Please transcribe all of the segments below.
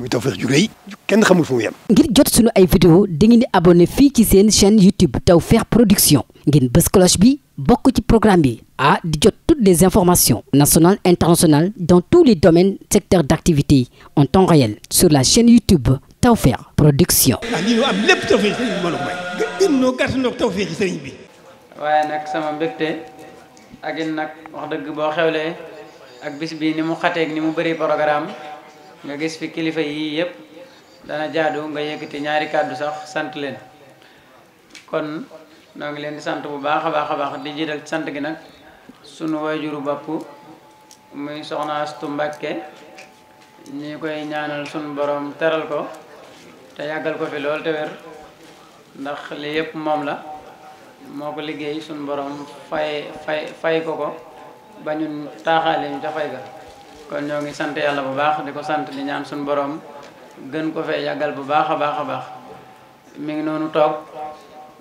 muy Tawfekh ju rëy kenn xamul fu mu yem. ngir jot sunu ay vidéo dangeen di abonné fii ci seen chaîne YouTube Tawfekh Production ngeen bës bi bokk ci programme bi ah di jot toutes les informations nationales internationales dans tous les domaines secteurs d'activité en temps réel sur la chaîne YouTube Tawfekh Production. ah lii am lépp Tawfekh sëriñ a may. sëriñ bi. waaye nag sama mbégte ak it nag wax dëgg boo xewlee ak bis bi ni mu xateeg ni mu bëree programme. nga gis fi kilifa yii yëpp dana jaadu nga yëkkati ñaari kàddu sax sant leen kon noo ngi leen di sant bu baax a baax a baax di jiital sant gi nag sunu wayjuru bopp muy soxna Astu Mbàkke ñu koy ñaanal suñu borom teral ko te yàggal ko fi lool te wér ndax li yëpp moom la moo ko liggéey sunu borom fay fay fay ko ko ba ñun ñu ca fay ga kon ñoo ngi sant yàlla bu baax di ko sant di ñaan suñu borom gën ko fee yàggal bu baax a baax a baax mi ngi noonu toog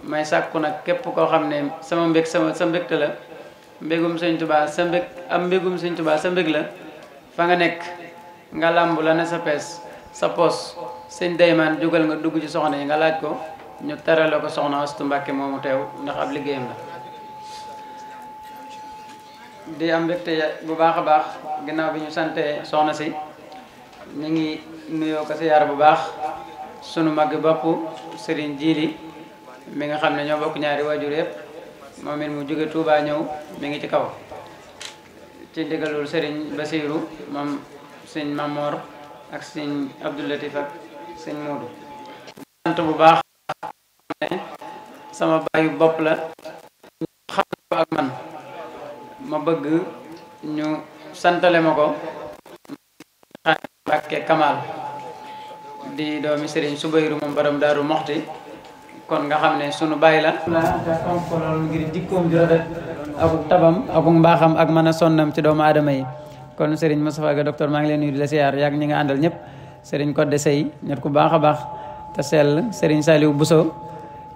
may sàkku nag képp koo xam ne sama mbég sama sa mbégte la mbégum sëñ Tuubaa sa am mbégum sëñ Tuubaa la fa nga nekk nga làmb la ne sa pees sa pos sëñ daymaan jógal nga dugg ci soxna yi nga laaj ko ñu terale ko soxna Astu Mbàkke moomu teew ndax ab liggéeyam la di am mbégte bu baax a baax ginnaaw bi ñu sante soxna si ñu ngi nuyoo ko siyaar bu baax sunu mag bopp sëriñ Djili mi nga xam ne ñoo bokk ñaari waajur yëpp moom it mu jóge tuubaa ñëw mi ngi ci kaw ci ndigalul sëriñ Basirou moom sëñ Mamor ak sëñ Abdou Latif ak sëñ Moodu bu baax sama baayu bopp la xam ko ak man ma bëgg ñu santale ma ko Mbàkke Kamal di doomi Sëriñ Subayru moom borom Daaru Moxti kon nga xam ne sunu bàyyi la te fonk ko loolu ngir jikkoom ju rafet akuk tabam akuk mbaaxam ak mën a sonnam ci doomu aadama yi kon Sëriñ Moustapha Ga docteur maa ngi leen nuyu di la siyaar yaag ñi nga àndal ñëpp Sëriñ Codé Sey nit ku baax a baax te sell Sëriñ Saliou Bousso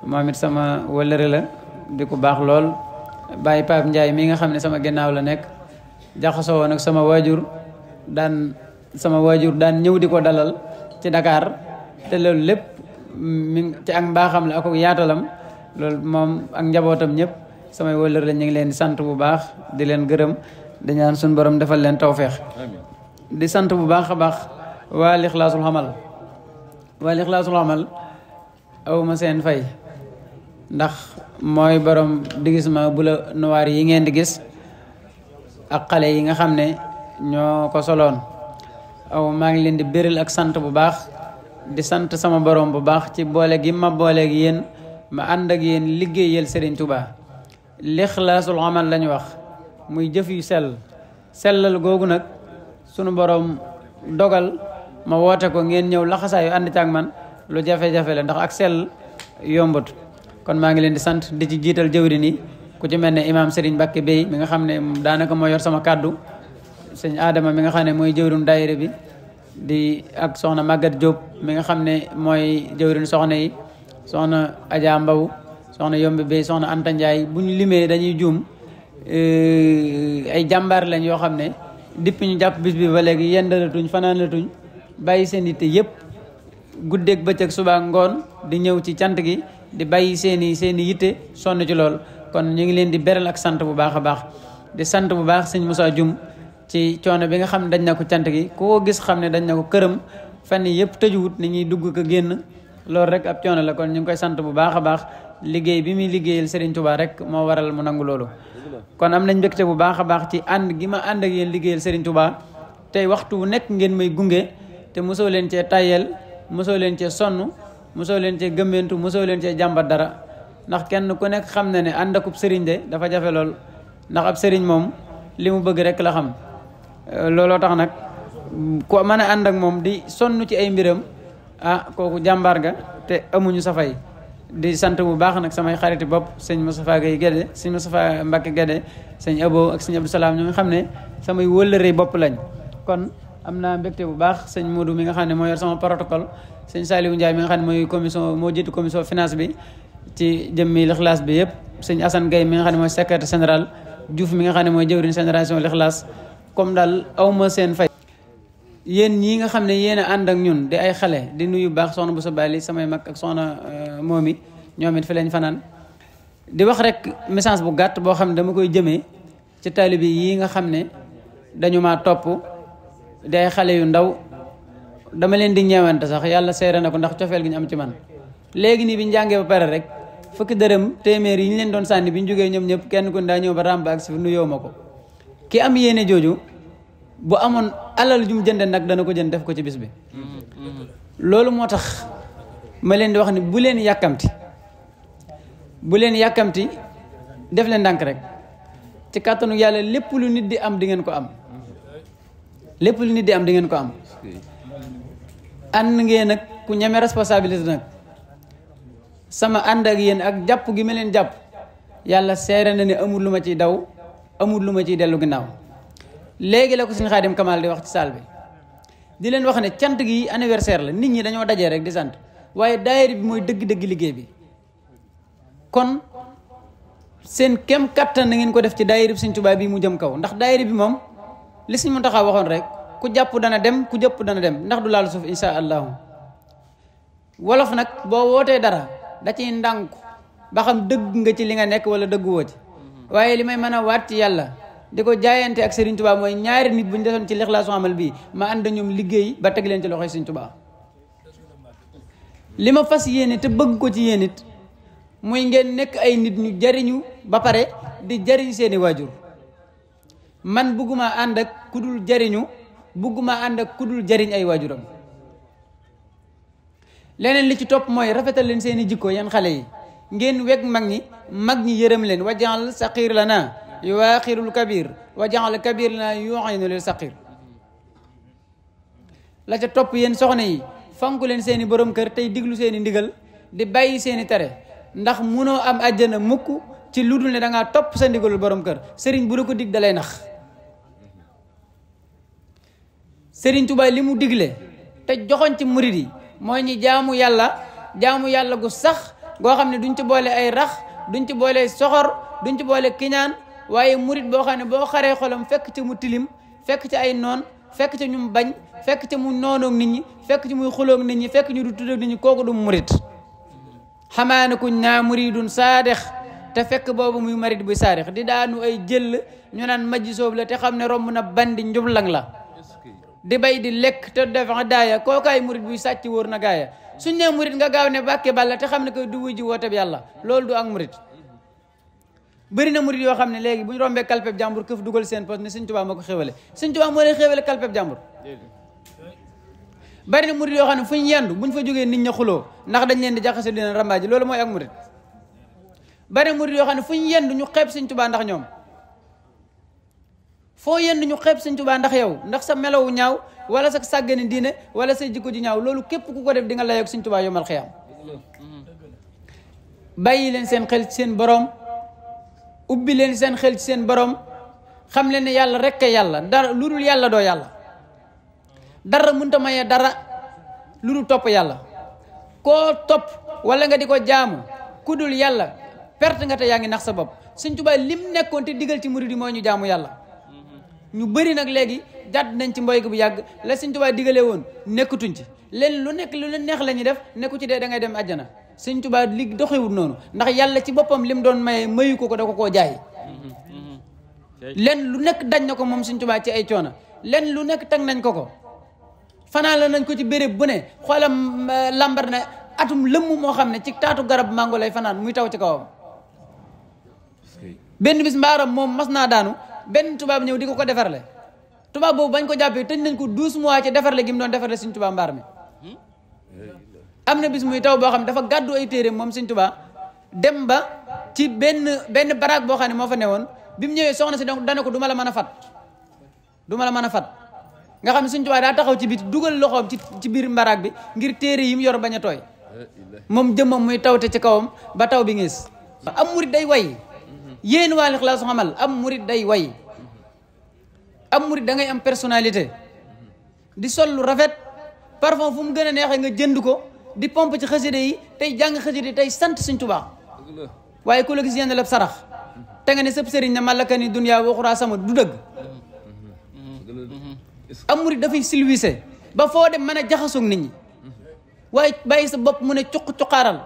moom it sama wëllëre la di ku baax lool bàyyi Pape Ndiaye mi nga xam ne sama ginnaaw la nekk jaxasoo woon ak sama waajur daan sama waajur daan ñëw di ko dalal ci Dakar te loolu lépp mi ci ak mbaaxam la ak yaatalam loolu moom ak njabootam ñëpp samay wëllër la ñu ngi leen di sant bu baax di leen gërëm di ñaan suñu borom defal leen tawféex. di sant bu baax a baax waa Lixlaasul Amal waa Lixlaasul Amal awma seen fay. ndax mooy boroom borom déguisement bleu nowaar yi ngeen di gis ak xale yi nga xam ne ñoo ko soloon aw maa ngi leen di béril ak sant bu baax di sant sama borom bu baax ci boole gi ma booleeg yéen ma ànd ak yéen liggéeyal Serigne Touba lixlaasul amal lañu wax muy jëf yu sel selal googu nag sunu boroom dogal ma woote ko ngeen ñëw laxasaayu ànd ak man lu jafe-jafe la ndax ak sel yombut kon maa ngi leen di sant di ci jiital jëwrin yi ku ci mel ne imaam Serigne Mbacke Bey mi nga xam ne daanaka moo yor sama kàddu sëñ Adama mi nga xam ne mooy jëwrin daayira di ak soxna Maguette Diop mi nga xam ne mooy jëwrin soxna yi soxna Adja Mbaw soxna Yombi Bey soxna Anta Ndiaye bu ñu limee dañuy juum eh, ay jàmbaar lañ yoo xam ne depuis ñu jàpp bis bi ba léegi yendalatuñ fanaanatuñ bàyyi seen yitte yëpp guddeeg bëccëg subaa ngoon di ñëw ci cant gi di bàyyi seen i seen i yitte sonn ci lool kon ñu ngi leen di beral ak sant bu baax a baax di sant bu baax sëñ musaa Dioum ci coono bi nga xam ne dañ na ko cant gi koo gis xam ne dañ na ko këram fan yi yëpp tëjuwut ni ñuy dugg ko génn loolu rek ab coono la kon ñu ngi koy sant bu baax a baax liggéey bi muy liggéeyal Serigne Touba rek moo waral mu nangu loolu kon am nañ mbégte bu baax a baax ci ànd gi ma ànd ak yéen liggéeyal Serigne Touba tey waxtu wu nekk ngeen may gunge te mosoo leen cee tayel mosoo leen cee sonn mosoo leen cee gëmmentu mosoo leen cee jàmbat dara ndax kenn ku nekk xam na ne ànd akub sëriñ de dafa jafe lool ndax ab sëriñ moom li mu bëgg rek la xam euh, looloo tax nag ku mën a ànd ak moom di sonn ci ay mbiram ah kooku jàmbaar ga te amuñu safay di sant bu baax nag samay xariti bopp sëñ Moustapha Guèye Guède sëñ Moustapha Mbacke Guède sëñ Abo ak sëñ Abdou Salaam ñoo nga xam ne samay wëllëree bopp lañ kon am na mbégte bu baax sëñ Modou mi nga xam ne mooy yor sama protocole sëñ Saliou Ndiaye mi nga xam ne mooy commission moo jiitu commission finance bi ci jëmmi lixlaas bi yëpp sëñ Assane Gueye mi nga xam ne mooy secrétaire général Diouf mi nga xam ne mooy jëwriñ génération lixlaas comme daal awma seen fay yéen ñi nga xam ne yéen a ànd ak ñun di ay xale di nuyu baax soxna bu sa bali samay mag ak soxna euh, moom i ñoom it fi lañ fanaan di wax rek message bu gàtt boo xam ne dama koy jëmee ci taalibe yi nga xam ne dañu maa topp day xale yu ndaw dama leen di ñeewante sax yàlla seere na ko ndax cofeel gi ñu am ci man léegi nii bi ñu jàngee ba pare rek fukki dërëm téeméer yi ñu leen doon sànni bi ñu jógee ñëw ñëpp kenn ku ne daa ñëw ba ràmb ak nu nuyoo ma ko ki am yéene jooju bu amoon alal ju mu jënde nag dana ko jënd def ko ci bis bi loolu moo tax ma leen di wax ni bu leen yàkkamti bu leen yàkkamti def leen ndànk rek ci kàttanu yàlla lépp lu nit di am di ngeen ko am lépp lu nit di am di ngeen ko am ànd ngeen nag ku ñeme responsabilité nag sama ànd ak yéen ak jàpp gi ma leen jàpp yàlla seere na ne amul lu ma ciy daw amul lu ma ciy dellu ginnaaw léegi la ko suñu xaadim Kamal di wax ci saal bi di leen wax ne cant gi anniversaire la nit ñi dañoo dajee rek di sant waaye daayira bi mooy dëgg-dëgg liggéey bi kon seen kem kattan na ngeen ko def ci daayira bi Sëñ Tuubaa bi mu jëm kaw ndax daayira bi moom li si mu Muntaxa waxoon rek ku jàpp dana dem ku jëpp dana dem ndax du laal suuf insha allahu wolof nag boo wootee dara da ciy ndànku ba xam dëgg nga ci li nga nekk wala dëgguwoo ci waaye li may mën a waat ci yàlla di ko jaayante ak Serigne Touba mooy ñaari nit bu ñu desoon ci lixlaasu amal bii ma ànd ñoom liggéey ba teg leen ci loxoy Serigne Touba li ma fas yéene te bëgg ko ci yéen it muy ngeen nekk ay nit ñu jariñu ba pare di jariñ seeni waajur man bugguma ànd ak ku jariñu bugguma ànd ak ku dul jariñ ay waajuram leneen li ci topp mooy rafetal leen seeni jikko yeen xale yi ngeen weg mag ñi mag ñi yërëm leen wajaal saqiir la naa yuwaaxirul kabiir wajaal kabir la naa yuxinu lil saqiir la ca topp yéen soxna yi fonk leen seeni borom kër tey diglu seeni ndigal di bàyyi seeni tare ndax munoo am àjjana mukk ci lu dul ne da topp sa ndigalul borom kër sëriñ bu la ko dig dalay nax Serigne Touba li mu digle te joxoon ci murit yi mooy ñi jaamu yàlla jaamu yàlla gu sax goo xam ne duñ ci boole ay rax duñ ci boole soxor duñ ci boole kiñaan waaye murid boo xam ne boo xaree xolam fekk ci mu tilim fekk ci ay noon fekk ci ñu mu bañ fekk ci mu noonoog nit ñi fekk ci muy xuloog nit ñi fekk ñu du tuddoog nit ñi kooku du murid xamaanakuñ naa muridun saadex te fekk boobu muy murid bu saadex di daanu ay jël ñu naan majji soob la te xam ne romb na bandi njublang la di bay di lekk te def daaya kookaay murit buy sàcc woor na gaaya suñ nee murit nga gaaw ne bàkke balla te xam ne koy du wuji woote bi yàlla loolu du ak murit bëri na murit yoo xam ne léegi bu ñu rombee kalpeb jàmbur këf dugal seen poste ne Sëñ Tuubaa moo ko xéwale Sëñ Tuubaa moo leen xéwale kalpeb jàmbur bari na murit yoo xam ne fu ñu yendu buñ fa jógee nit ña xuloo ndax dañ leen di jaxase dina rambaaji loolu mooy ak murit bari na murit yoo xam ne fu ñu yendu ñu xeeb Sëñ Tuubaa ndax ñoom foo yenn ñu xeeb sëñ tubaa ndax yow ndax sa melowu ñaaw wala sa sàggani diine wala sa jikko ji ñaaw loolu képp ku ko def di nga layoog sëñ tubaa yomal xiyaam bàyyi leen seen xel ci seen boroom ubbi leen seen xel ci seen borom xam leen ne yàlla rekk yàlla dara lu dul yàlla doo yàlla dara mënta mayee dara lu dul topp yàlla koo topp wala nga di ko jaamu ku dul yàlla perte nga te yaa ngi nax sa bopp sëñ tubaa lim nekkoon te digal ci murid yi moo ñu jaamu yàlla ñu bëri nag léegi jàdd nañ ci mboy gi bu yàgg la Sëñ Tuubaa digalee woon nekkatuñ ci lenn lu nekk lu leen neex la ñuy def nekku ci dee da ngay dem àjjana Sëñ Tuubaa li doxewul noonu ndax yàlla ci boppam lim doon maye mayu ko ko da ko koo jaay lenn lu nekk dañ na ko moom Sëñ Tuubaa ci ay coono lenn lu nekk teg nañ ko ko fanaa la nañ ko ci béréb bu ne xoolam euh, lambar ne atum lëmm moo xam ne ci taatu garab mango lay fanaan muy taw ci kawam benn bis mbaaram moom mas naa daanu benn tubaab ñëw di ko ko defarle tubaab boobu bañ ko jàppee tëj nañ ko douze mois ci defarle gi mu doon defarle suñ tubaab mbaar mi am na bis muy taw boo xam dafa gàddu ay téere moom suñ tubaab dem ba ci benn benn baraag boo xam ne moo fa ne woon bi mu ñëwee soxna si donc dana ko du la mën a fat du la mën a fat nga xam ne suñ tubaab daa taxaw ci biti dugal loxoom ci ci biir mbaraag bi ngir téere yi mu yor bañ a tooy moom jëmmam muy tawte ci kawam ba taw bi ngees am murit day way yéen waa Lixlaasu xamal am murit day way am murit da ngay am personalité di sol lu rafet parfum fu mu gën a neexee nga jënd ko di pompe ci xasida yi tey jàng xasida tey sant Sëñ Tuubaa waaye ku la gis yenn lépp sarax te nga ne sëb sëriñ ne malaka ni duniyaa waxuraa sama du dëgg am murit dafay silwise ba foo dem mën a jaxasoog nit ñi waaye bàyyi sa bopp mu ne cuq cuqaaral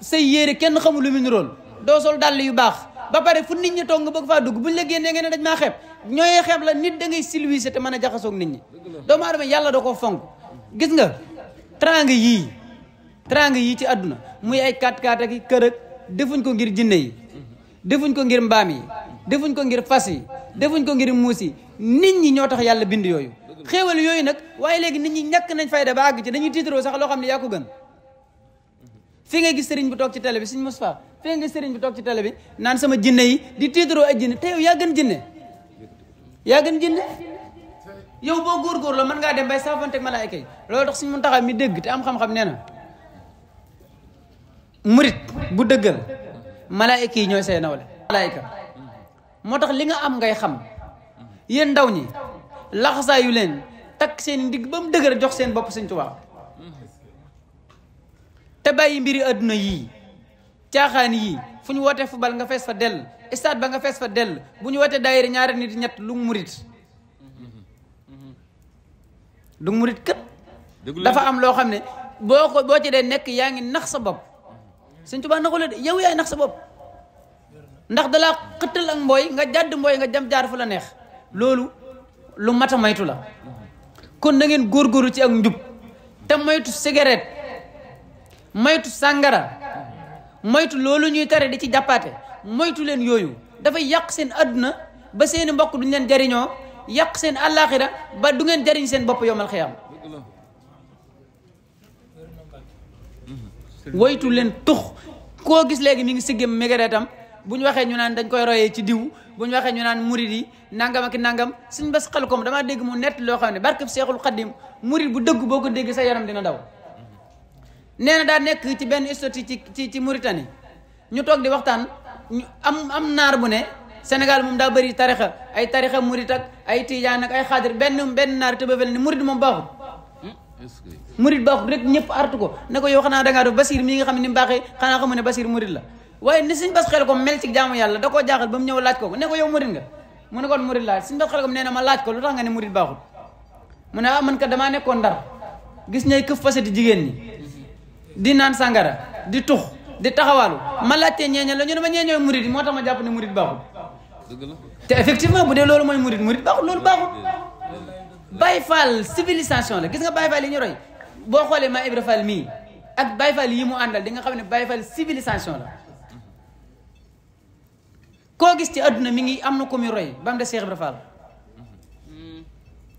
say yére kenn xamul lu mu nirool doo sol dàll yu baax ba pare fu nit ñi toog nga bëgg faa dugg buñ la génnee nga ne dañ maa xeeb ñooy xeeb la nit da ngay silvise te mën a jaxasoog nit ñi doomu aadama yàlla da ko fonk gis nga trang yii trang yii ci àdduna muy ay kat kat ak kër ak defuñ ko ngir jinne yi defuñ ko ngir mbaam yi defuñ ko ngir fas yi defuñ ko ngir muus yi nit ñi ñoo tax yàlla bind yooyu xéewal yooyu nag waaye léegi nit ñi ñàkk nañ fayda ba àgg ci dañuy tiitaroo sax loo xam ne yaa ko gën fi nga gis sëriñ bu toog ci télé bi mos Moustapha fi nga gis sëriñ bi toog ci télé bi naan sama jinne yi di tiitaroo ay jinne te yow yaa gën jinne yaa gën jinne yow boo góorgóorloo mën ngaa dem bay saafanteeg malaayka yi loolu tax mi dégg te am xam-xam nee na bu dëggal malaayka yi ñooy say nawle malaayka moo tax li nga am ngay xam yéen ndaw ñi laxasaayu leen takk seen ndigg ba mu dëgër jox seen bopp Sëñ Tuubaa te bàyyi mbiri àdduna yii caaxaan yii fu ñu wootee football nga fees fa dell stade ba nga fees fa dell bu ñu wootee daayira ñaari nit ñett lu mu murit du murit kët dafa am loo xam ne boo ko boo ci dee nekk yaa ngi nax sa bopp Sëñ Tuubaa naxu la de yow yaay nax sa bopp ndax dalaa xëttal ak mbooy nga jàdd mbooy nga jam jaar fu la neex loolu lu mat a maytu la kon na ngeen góorgóorlu ci ak njub te moytu cigarette moytu sàngara moytu loolu ñuy tere di ci jàppaate moytu leen yooyu dafay yàq seen adduna ba seeni mbokk duñ leen jariñoo yàq seen àllaaxira ba du ngeen jariñ seen bopp yomal xiyam woytu leen tux koo gis léegi mu ngi siggéem mégareetam bu ñu waxee ñu naan dañ koy royee ci diw bu ñu waxee ñu naan murid yi nangam ak nangam suñ bés xel koom damaa dégg mu nett loo xam ne barkeb seexul xaddim murid bu dëgg boo ko dégg sa yaram dina daw nee na daa nekk ci benn istoti ci ci ci Mauritanie ñu toog di waxtaan am am naar bu ne Sénégal moom daa bëri tarixa ay tarixa murit ak ay tijaan ak ay xaadir benn benn naar te ba fële ni murit moom baaxul. murit baaxul rek ñëpp artu ko ne ko yow xanaa dangaa def Basiir nga xam ne ni mu baaxee xanaa ne Basiir murit la waaye jaamu yàlla da koo jaaxal ba mu ñëw laaj ko ne ko yow murit nga mu ne kon murit laa suñ bas ko nee na ma laaj ko lu tax nga ne murit baaxul mu ne ah man kat damaa nekkoon ndar gis ñay këf fasati jigéen ñi di naan sangara di tux di taxawaalu ma laajtee ñeeñal la ñu ne ma ñeeñooy murid moo tax ma jàpp ne murid baaxul te effectivement bu dee loolu mooy murid murid baaxul loolu baaxul Baye Fall civilisation la gis nga Baye yi ñu roy boo xoolee maa Ibra Fall mii ak Baye Fall yi mu àndal di nga xam ne Baye Fall civilisation la koo gis ci àdduna mi ngi am na ko muy roy ba mu des Cheikh Ibra mm.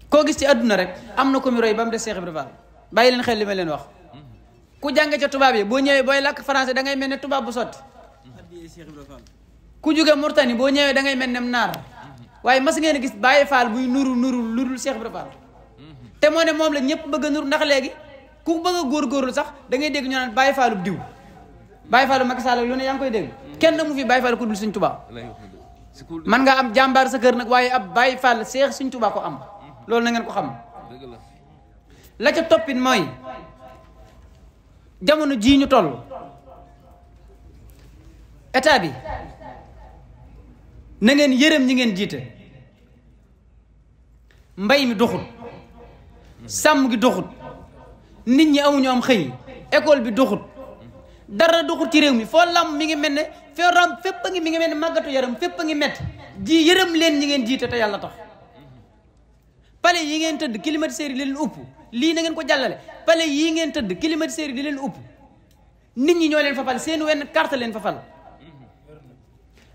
koo gis ci àdduna rek am na ko muy roy ba mu des Cheikh Ibra Fall bàyyi leen xel li ma leen wax ku jànge ca tubaab yi boo ñëwee booy làkk français dangay ngay mel ne tubaab bu sotti ku jóge Murtani boo ñëwee da ngay mel ne naar waaye mas ngeen gis Baye faal buy nuru nuru lu dul Cheikh Ibra Fall te moo moom la ñëpp bëgg a nuru ndax léegi ku bëgg a góorgóorlu sax da ngay dégg ñu naan Baye Fallub diw Baye Fallu Macky Sall lu yaa ngi koy dégg kenn mu fi Baye Fall ku dul Sëñ Tuubaa man nga am jàmbaar sa kër nag waaye ab Baye Fall seex suñ Tuubaa ko am loolu nangeen ko xam la ca toppin mooy jamono jii ñu toll état bi na ngeen yërëm ñi ngeen jiite mbay mi doxut sàmm gi doxut nit ñi amuñu am xëy école bi doxut dara doxut ci réew mi foo lam mi ngi mel ne foo ram fépp a ngi mi ngi mel ne màggatu yaram fépp a ngi métti ji yërëm leen ñi ngeen jiite te yàlla tax pale yi ngeen tëdd climatiseur yi leen upp lii na ngeen ko jàllale pale yii ngeen tëdd kilimati yi di leen upp nit ñi ñoo leen fa fal seen wenn kart leen fa fal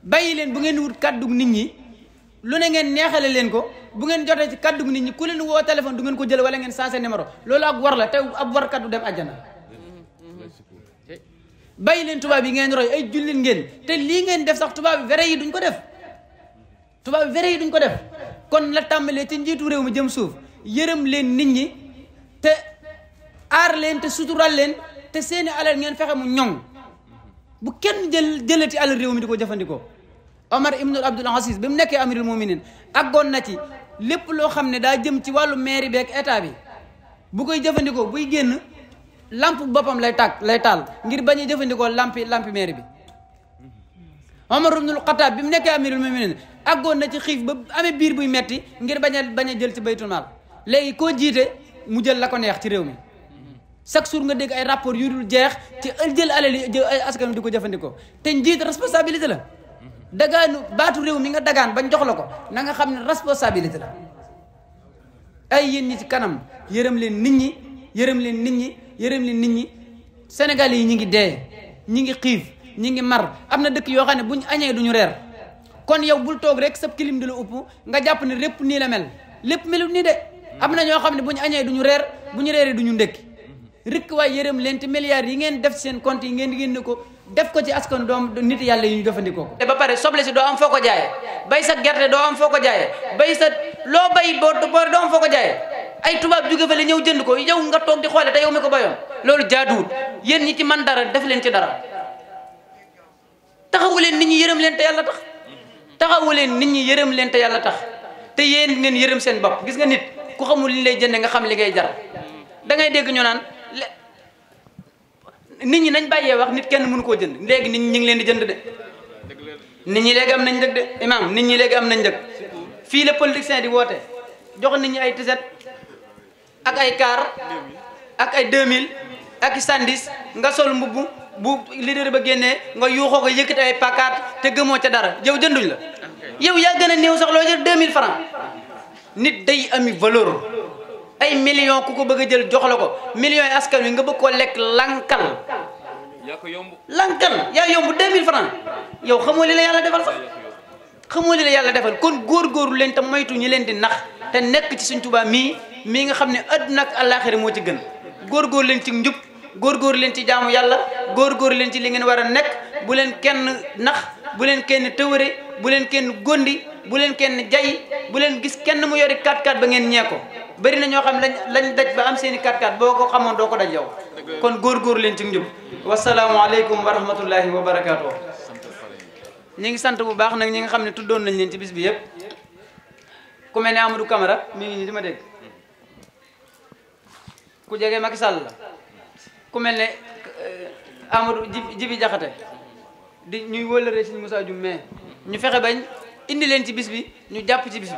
bàyyi leen bu ngeen wut kàddug nit ñi lu ne ngeen neexale leen ko bu ngeen jotee ci kàddug nit ñi ku leen woo téléphone du ngeen ko jël wala ngeen sensé numéro loolu ak war la te ab war kaddu dem àjjana bàyyi leen tubaab yi ngeen roy ay jullit ngeen te lii ngeen def sax tubaab vere yi duñ ko def tubaab yi yi duñ ko def kon la tàmbalee ci njiitu réew mi jëm suuf yërëm leen nit ñi te aar leen te sutural leen te seeni alal ngeen fexe mu ñoŋ bu kenn jël jëlati alal réew mi di ko jëfandikoo Omar ibnul Abdul Aziz bi mu nekkee amirul muminin aggoon na ci lépp loo xam ne daa jëm ci wàllu mairie beeg état bi bu koy jëfandikoo buy génn lamp boppam lay tàkk lay taal ngir bañ jëfandikoo lampi lampi mairie bi Omar ibnul bi mu nekkee amirul muminin àggoon na ci xiif ba amee biir buy metti ngir bañ a bañ a jël ci baytul léegi koo jiite mu jël la ko neex ci réew mi chaque jour nga dégg ay rapport yu dul jeex ci jël alal yi askan di ko jëfandikoo te njiit responsabilité la dagaanu baatu réew mi nga dagaan bañ jox la ko nanga xam ne responsabilité la ay yéen ñi ci kanam yërëm leen nit ñi yërëm leen nit ñi yërëm leen nit ñi Sénégal yi ñi ngi dee ñi ngi xiif ñi ngi mar am na dëkk yoo xam ne buñ añee ñu reer kon yow bul toog rek sab kilim di la upp nga jàpp ne lépp nii la mel lépp melut nii de am na ñoo xam ne bu ñu añee duñu reer bu ñu reeree du ñu ndékki rikk waay yërëm leen te milliards yi ngeen def seen compte yi ngeen génne ko def ko ci askan doom nit yàlla yi jëfandikoo ko. ba pare soble doo am foo ko jaayee bay gerte doo am foo ko jaayee bay sa loo bay boo doo foo ko jaayee ay tubaab jóge fa la ñëw jënd ko yow nga toog di xoole te yow ko bayoon loolu jaaduwut yéen ñi ci man dara def leen ci dara taxawu leen nit ñi yërëm leen te yàlla tax taxawu leen nit ñi yërëm leen te yàlla tax te yéen ngeen yërëm seen bopp gis nga nit ku xamul li lay jënde nga xam li ngay jar dangay dégg ñu naan nit ñi nañ bàyyee wax nit kenn mënu koo jënd léegi nit ñi ñu ngi leen di jënd de nit ñi léegi am nañ njëg de imam nit ñi léegi am nañ njëg fii la politicien di woote jox nit ñi ay tiset ak ay kaar ak ay 2000 ak i sandis nga sol mbubb bu leader ba génnee nga yuuxoo ko yëkkati ay pakaat te gëmoo ca dara jëw jënduñ la yow yaa gën a néew sax loo jël 2000 francs nit day ami valeur ay million ku ko bëgg a jël jox la ko millions yi askan wi nga bëgg koo lekk lankal yaa ko yomb lankal yaa yomb 2000 francs yow xamoo li la yàlla defal sax xamoo li la yàlla defal kon góorgóorlu leen te moytu ñi leen di nax te nekk ci suñ Tuubaa mii mii nga xam ne àdduna ak àllaaxira moo ci gën góor góor leen ci njub góor leen ci jaamu yàlla góor góor leen ci li ngeen war a nekk bu leen kenn nax bu leen kenn tëwëre bu leen kenn gondi bu leen kenn jay bu leen gis kenn mu yori 4-4 ba ngeen ñee ko bëri na ñoo xam lañ lañ daj ba am seen i 4 boo ko xamoon doo ko daj yow kon góorgóor leen ci njub wasalaamualeykum wa rahmatullahi wa barakaatu ñi ngi sant bu baax nag ñi nga xam ne tuddoon nañ leen ci bis bi yëpp ku mel ne Amadou kamara mi ngi nii di ma dégg ku jege Macky Sall la ku mel ne euh, Amadou Jibi Jaxate di ñuy wëlëree si Moussa Dioum mais ñu fexe bañ indi leen ci bis bi ñu jàpp ci bis bi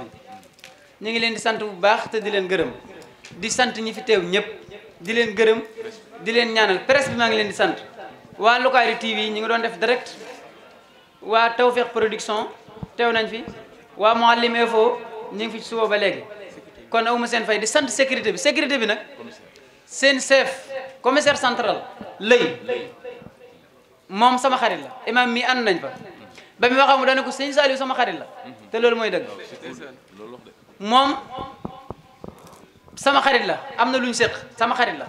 ñu ngi leen di sant bu baax te di leen gërëm di sant ñi fi teew ñëpp di leen gërëm di leen ñaanal presque bi maa ngi leen di sant waa Lougaré TV ñu ngi doon def direct waa Tawfekh Production teew nañ fi waa Mouhalim Info ñu ngi fi suba ba léegi kon awma seen fay di sant sécurité bi sécrité bi nag seen chef commissaire central lay moom sama xarit la imam mi ànd nañ fa ba mu wax ak mu dana ko sëñ Saliou sama xarit la te loolu mooy dëgg moom sama xarit la am na lu ñu séq sama xarit la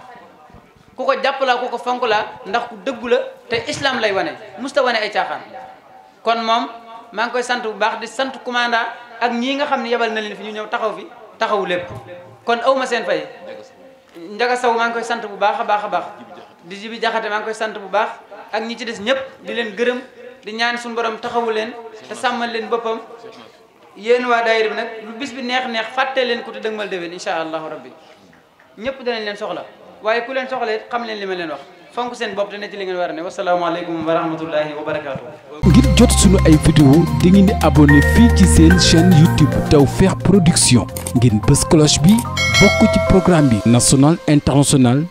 ku ko jàpp laa ku ko fonk laa ndax ku dëggu la te islam lay wane musta wane ay caaxaan kon moom maa ngi koy sant bu baax di sant commandant ak ñii nga xam ne yabal na leen fi ñu ñëw taxaw fi taxawu lépp kon awma seen fay njaga saw maa ngi koy sant bu baax a baax a baax di jibi jaxate maa ngi koy sant bu baax ak ñi ci des ñëpp di leen gërëm di ñaan suñu borom taxawu leen te sàmmal leen boppam yéen waa daayira bi nag lu bis bi neex neex fàtte leen ku te dëgmal déwén incha allahu rabbi ñëpp danañ leen soxla waaye ku leen soxla it xam leen li ma leen wax fonk seen bopp dana ci li ngeen war ne wasalaamaaleykum wa rahmatullahi wa barakaatu. ngir jot suñu ay vidéo di ngeen di abonné fii ci seen chaîne YouTube Tawfekh Production ngeen bës cloche bi bokk ci programme bi national international.